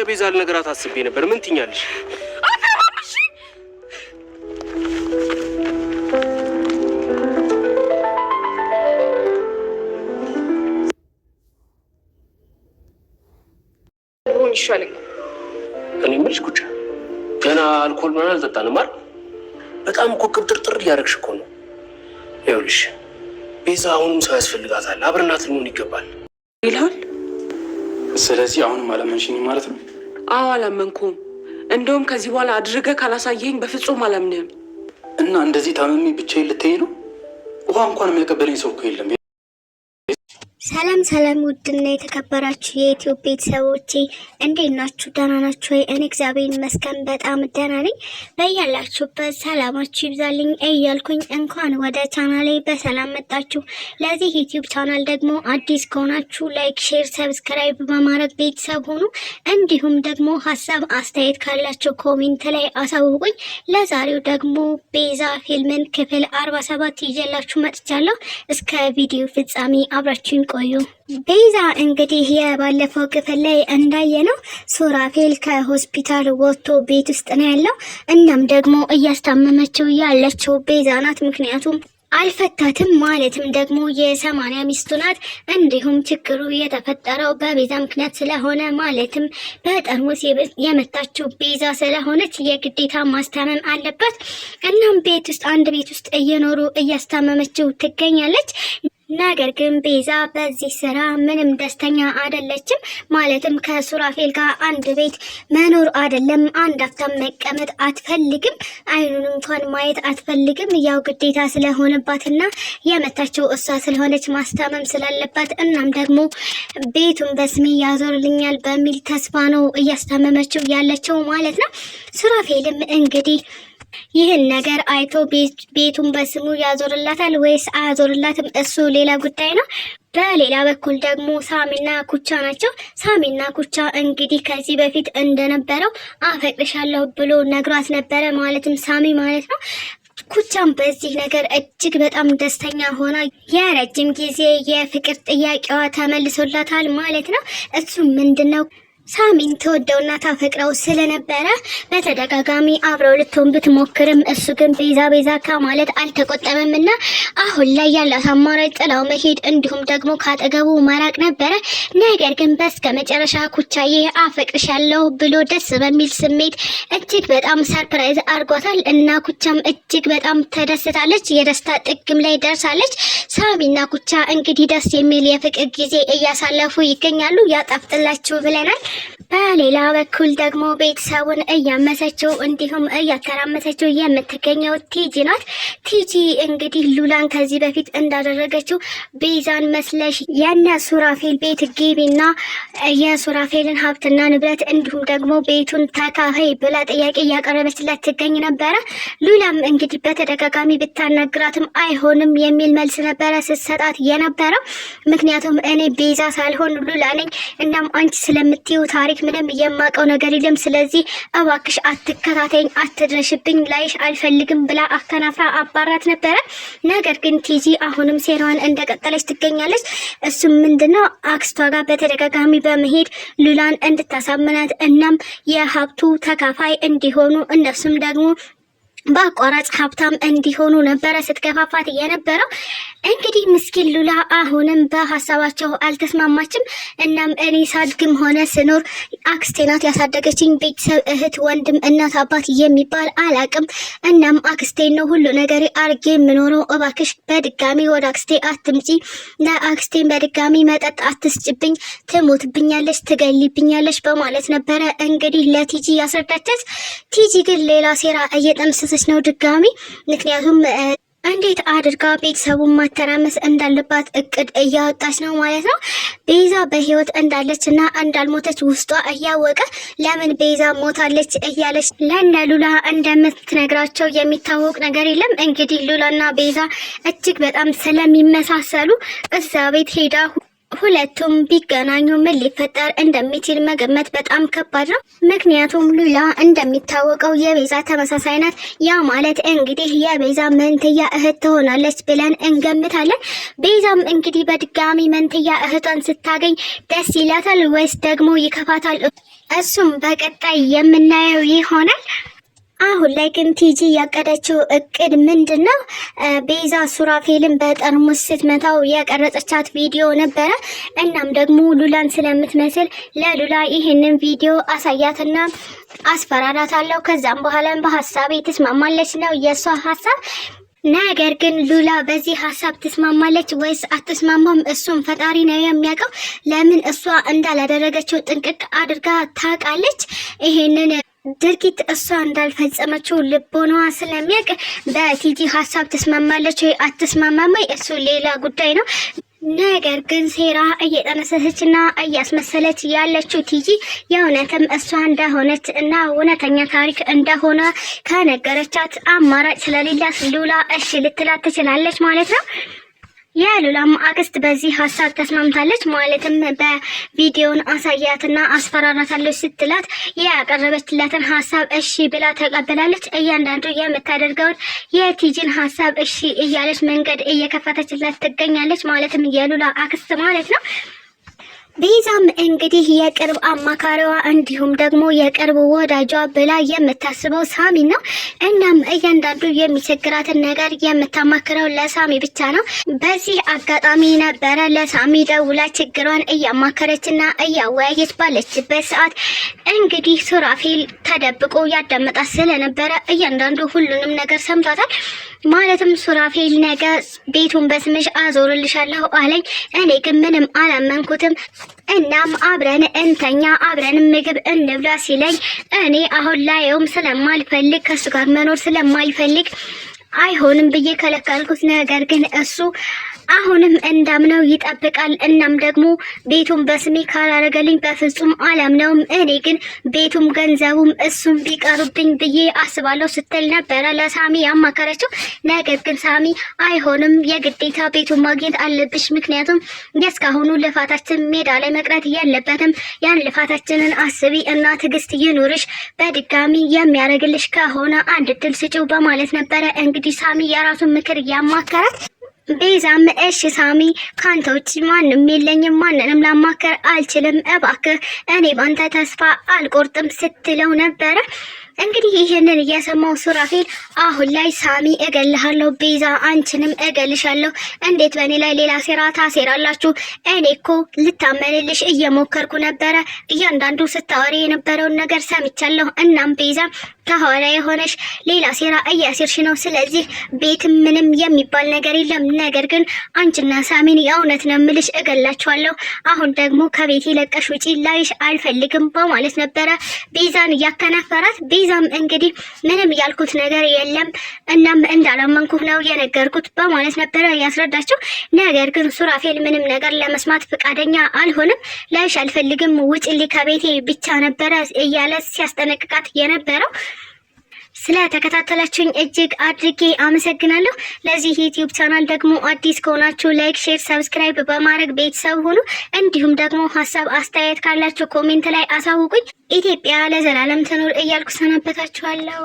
ለቤዛ ልነግራት አስቤ ነበር። ምን ትኛለሽ? ይሻለኝ እኔ የምልሽ ጉቻ ገና አልኮል ምናምን አልጠጣንም አይደል? በጣም እኮ ቅብጥርጥር እያደረግሽ እኮ ነው። ይኸውልሽ ቤዛ አሁንም ሰው ያስፈልጋታል። አብረናት ልንሆን ይገባል ይልሃል። ስለዚህ አሁንም አለመንሽኝ ማለት ነው። አዎ አላመንኩም። እንደውም ከዚህ በኋላ አድርገህ ካላሳየኝ በፍጹም አላምንም። እና እንደዚህ ታመሜ ብቻዬን ልትሄድ ነው? ውሃ እንኳን የሚያቀበለኝ ሰው እኮ የለም። ሰላም ሰላም ውድና የተከበራችሁ የኢትዮ ቤተሰቦቼ እንዴት ናችሁ? ደህና ናችሁ ወይ? እኔ እግዚአብሔር ይመስገን በጣም ደህና ነኝ። በያላችሁበት ሰላማችሁ ይብዛልኝ እያልኩኝ እንኳን ወደ ቻናሌ በሰላም መጣችሁ። ለዚህ ዩቲዩብ ቻናል ደግሞ አዲስ ከሆናችሁ ላይክ፣ ሼር፣ ሰብስክራይብ በማድረግ ቤተሰብ ሆኑ። እንዲሁም ደግሞ ሀሳብ አስተያየት ካላችሁ ኮሜንት ላይ አሳውቁኝ። ለዛሬው ደግሞ ቤዛ ፊልምን ክፍል አርባ ሰባት ይዤላችሁ መጥቻለሁ። እስከ ቪዲዮ ፍጻሜ አብራችሁኝ ቆዩ። ቤዛ እንግዲህ የባለፈው ክፍል ላይ እንዳየ ነው ሱራፌል ከሆስፒታል ወጥቶ ቤት ውስጥ ነው ያለው። እናም ደግሞ እያስታመመችው ያለችው ቤዛ ናት። ምክንያቱም አልፈታትም ማለትም ደግሞ የሰማንያ ሚስቱ ናት። እንዲሁም ችግሩ የተፈጠረው በቤዛ ምክንያት ስለሆነ ማለትም በጠርሙስ የመታችው ቤዛ ስለሆነች የግዴታ ማስታመም አለባት። እናም ቤት ውስጥ አንድ ቤት ውስጥ እየኖሩ እያስታመመችው ትገኛለች። ነገር ግን ቤዛ በዚህ ስራ ምንም ደስተኛ አይደለችም። ማለትም ከሱራፌል ጋር አንድ ቤት መኖር አይደለም አንድ አፍታም መቀመጥ አትፈልግም። አይኑን እንኳን ማየት አትፈልግም። ያው ግዴታ ስለሆነባትና የመታቸው እሷ ስለሆነች ማስታመም ስላለባት እናም ደግሞ ቤቱን በስሜ ያዞርልኛል በሚል ተስፋ ነው እያስታመመችው ያለችው ማለት ነው። ሱራፌልም እንግዲህ ይህን ነገር አይቶ ቤቱን በስሙ ያዞርላታል ወይስ አያዞርላትም? እሱ ሌላ ጉዳይ ነው። በሌላ በኩል ደግሞ ሳሚና ኩቻ ናቸው። ሳሚና ኩቻ እንግዲህ ከዚህ በፊት እንደነበረው አፈቅርሻለሁ ብሎ ነግሯት ነበረ፣ ማለትም ሳሚ ማለት ነው። ኩቻም በዚህ ነገር እጅግ በጣም ደስተኛ ሆና የረጅም ጊዜ የፍቅር ጥያቄዋ ተመልሶላታል ማለት ነው። እሱ ምንድን ነው ሳሚን ተወደውና ታፈቅረው ስለነበረ በተደጋጋሚ አብረው ልትሆን ብትሞክርም እሱ ግን ቤዛ ቤዛ ከማለት አልተቆጠበም እና አሁን ላይ ያላት አማራጭ ጥላው መሄድ እንዲሁም ደግሞ ካጠገቡ መራቅ ነበረ። ነገር ግን በስከ መጨረሻ ኩቻዬ አፈቅርሻለሁ ብሎ ደስ በሚል ስሜት እጅግ በጣም ሰርፕራይዝ አድርጓታል እና ኩቻም እጅግ በጣም ተደስታለች። የደስታ ጥግም ላይ ደርሳለች። ሳሚና ኩቻ እንግዲህ ደስ የሚል የፍቅር ጊዜ እያሳለፉ ይገኛሉ። ያጣፍጥላችሁ ብለናል። በሌላ በኩል ደግሞ ቤተሰቡን እያመሰችው እንዲሁም እያተራመሰችው የምትገኘው ቲጂ ናት። ቲጂ እንግዲህ ሉላን ከዚህ በፊት እንዳደረገችው ቤዛን መስለሽ የነ ሱራፌል ቤት ግቢና የሱራፌልን ሀብትና ንብረት እንዲሁም ደግሞ ቤቱን ተካፈይ ብላ ጥያቄ እያቀረበችላት ትገኝ ነበረ። ሉላም እንግዲህ በተደጋጋሚ ብታናግራትም አይሆንም የሚል መልስ ነበረ ስትሰጣት የነበረው። ምክንያቱም እኔ ቤዛ ሳልሆን ሉላ ነኝ። እናም አንቺ ስለምትዩ ታሪክ ሰዎች ምንም የማውቀው ነገር የለም። ስለዚህ እባክሽ አትከታተኝ፣ አትድረሽብኝ፣ ላይሽ አልፈልግም ብላ አከናፍራ አባራት ነበረ። ነገር ግን ቲጂ አሁንም ሴራዋን እንደቀጠለች ትገኛለች። እሱም ምንድነው አክስቷ ጋር በተደጋጋሚ በመሄድ ሉላን እንድታሳምናት እናም የሀብቱ ተካፋይ እንዲሆኑ እነሱም ደግሞ በአቋራጭ ሀብታም እንዲሆኑ ነበረ ስትገፋፋት የነበረው። እንግዲህ ምስኪን ሉላ አሁንም በሀሳባቸው አልተስማማችም። እናም እኔ ሳድግም ሆነ ስኖር አክስቴ ናት ያሳደገችኝ። ቤተሰብ፣ እህት፣ ወንድም፣ እናት፣ አባት የሚባል አላቅም። እናም አክስቴን ነው ሁሉ ነገር አርጌ የምኖረው። እባክሽ በድጋሚ ወደ አክስቴ አትምጪ። ለአክስቴን በድጋሚ መጠጥ አትስጭብኝ፣ ትሞትብኛለች፣ ትገሊብኛለች በማለት ነበረ እንግዲህ ለቲጂ ያስረዳቻት። ቲጂ ግን ሌላ ሴራ እየጠምስስ እየሞከረች ነው ድጋሚ ምክንያቱም እንዴት አድርጋ ቤተሰቡን ማተራመስ እንዳለባት እቅድ እያወጣች ነው ማለት ነው። ቤዛ በህይወት እንዳለች እና እንዳልሞተች ውስጧ እያወቀ ለምን ቤዛ ሞታለች እያለች ለነ ሉላ እንደምትነግራቸው የሚታወቅ ነገር የለም። እንግዲህ ሉላና ቤዛ እጅግ በጣም ስለሚመሳሰሉ እዛ ቤት ሄዳ ሁለቱም ቢገናኙ ምን ሊፈጠር እንደሚችል መገመት በጣም ከባድ ነው። ምክንያቱም ሉላ እንደሚታወቀው የቤዛ ተመሳሳይ ናት። ያ ማለት እንግዲህ የቤዛ መንትያ እህት ትሆናለች ብለን እንገምታለን። ቤዛም እንግዲህ በድጋሚ መንትያ እህቷን ስታገኝ ደስ ይላታል ወይስ ደግሞ ይከፋታል? እሱም በቀጣይ የምናየው ይሆናል። አሁን ላይ ግን ቲጂ ያቀደችው እቅድ ምንድን ነው? ቤዛ ሱራፌልን በጠርሙስ ስትመታው የቀረጸቻት ቪዲዮ ነበረ። እናም ደግሞ ሉላን ስለምትመስል ለሉላ ይህንን ቪዲዮ አሳያትና አስፈራራታለሁ። ከዛም በኋላም በሀሳብ ትስማማለች ነው የእሷ ሀሳብ። ነገር ግን ሉላ በዚህ ሀሳብ ትስማማለች ወይስ አትስማማም? እሱም ፈጣሪ ነው የሚያውቀው። ለምን እሷ እንዳላደረገችው ጥንቅቅ አድርጋ ታውቃለች። ይሄንን ድርጊት እሷ እንዳልፈጸመችው ልቦኗ ስለሚያውቅ በቲጂ ሀሳብ ትስማማለች ወይ አትስማማም ወይ እሱ ሌላ ጉዳይ ነው። ነገር ግን ሴራ እየጠነሰሰችና እያስመሰለች ያለችው ቲጂ የእውነትም እሷ እንደሆነች እና እውነተኛ ታሪክ እንደሆነ ከነገረቻት አማራጭ ስለሌላት ሉላ እሺ ልትላት ትችላለች ማለት ነው። የሉላም አክስት በዚህ ሀሳብ ተስማምታለች። ማለትም በቪዲዮን አሳያትና አስፈራራታለች ስትላት ያቀረበችላትን ሀሳብ እሺ ብላ ተቀበላለች። እያንዳንዱ የምታደርገውን የቲጂን ሀሳብ እሺ እያለች መንገድ እየከፈተችላት ትገኛለች። ማለትም የሉላ አክስት ማለት ነው። ቤዛም እንግዲህ የቅርብ አማካሪዋ እንዲሁም ደግሞ የቅርብ ወዳጇ ብላ የምታስበው ሳሚ ነው። እናም እያንዳንዱ የሚቸግራትን ነገር የምታማክረው ለሳሚ ብቻ ነው። በዚህ አጋጣሚ ነበረ ለሳሚ ደውላ ችግሯን እያማከረችና እያወያየች ባለችበት ሰዓት እንግዲህ ሱራፌል ተደብቆ ያዳመጣት ስለነበረ እያንዳንዱ ሁሉንም ነገር ሰምቷታል። ማለትም ሱራፌል ነገ ቤቱን በስምሽ አዞርልሻለሁ አለኝ። እኔ ግን ምንም አላመንኩትም። እናም አብረን እንተኛ፣ አብረን ምግብ እንብላ ሲለኝ እኔ አሁን ላየውም ስለማልፈልግ ከሱ ጋር መኖር ስለማልፈልግ አይሆንም ብዬ ከለከልኩት። ነገር ግን እሱ አሁንም እንዳምነው ይጠብቃል። እናም ደግሞ ቤቱም በስሜ ካላረገልኝ በፍጹም አላምነውም። እኔ ግን ቤቱም ገንዘቡም እሱም ቢቀሩብኝ ብዬ አስባለሁ ስትል ነበረ ለሳሚ ያማከረችው። ነገር ግን ሳሚ አይሆንም፣ የግዴታ ቤቱን ማግኘት አለብሽ፣ ምክንያቱም የእስካሁኑ ልፋታችን ሜዳ ላይ መቅረት የለበትም። ያን ልፋታችንን አስቢ እና ትዕግስት ይኑርሽ። በድጋሚ የሚያደርግልሽ ከሆነ አንድ ድል በማለት ነበረ እንግዲህ እንግዲህ ሳሚ የራሱን ምክር እያማከራት ቤዛም እሺ ሳሚ ካንተ ውጭ ማንም የለኝም፣ ማንንም ላማከር አልችልም፣ እባክህ እኔ ባንተ ተስፋ አልቆርጥም ስትለው ነበረ። እንግዲህ ይህንን እየሰማው ሱራፌል አሁን ላይ ሳሚ እገልሃለሁ፣ ቤዛ አንቺንም እገልሻለሁ፣ እንዴት በእኔ ላይ ሌላ ሴራ ታሴራላችሁ? እኔ እኮ ልታመንልሽ እየሞከርኩ ነበረ። እያንዳንዱ ስታወሪ የነበረውን ነገር ሰምቻለሁ። እናም ቤዛ ከኋላ የሆነሽ ሌላ ሴራ እያሴርሽ ነው። ስለዚህ ቤት ምንም የሚባል ነገር የለም። ነገር ግን አንቺና ሳሚን የእውነት ነው የምልሽ እገላችኋለሁ። አሁን ደግሞ ከቤት ለቀሽ ውጪ፣ ላይሽ አልፈልግም በማለት ነበረ ቤዛን እያከናፈራት ቤዛ ከዛም እንግዲህ ምንም ያልኩት ነገር የለም እናም እንዳላመንኩህ ነው የነገርኩት በማለት ነበረ ያስረዳቸው። ነገር ግን ሱራፌል ምንም ነገር ለመስማት ፈቃደኛ አልሆንም። ላይሽ አልፈልግም፣ ውጭ ከቤቴ ብቻ ነበረ እያለ ሲያስጠነቅቃት የነበረው ስለተከታተላችሁኝ እጅግ አድርጌ አመሰግናለሁ። ለዚህ ዩቲዩብ ቻናል ደግሞ አዲስ ከሆናችሁ ላይክ፣ ሼር፣ ሰብስክራይብ በማድረግ ቤተሰብ ሁኑ። እንዲሁም ደግሞ ሀሳብ አስተያየት ካላችሁ ኮሜንት ላይ አሳውቁኝ። ኢትዮጵያ ለዘላለም ትኑር እያልኩ ሰናበታችኋለሁ።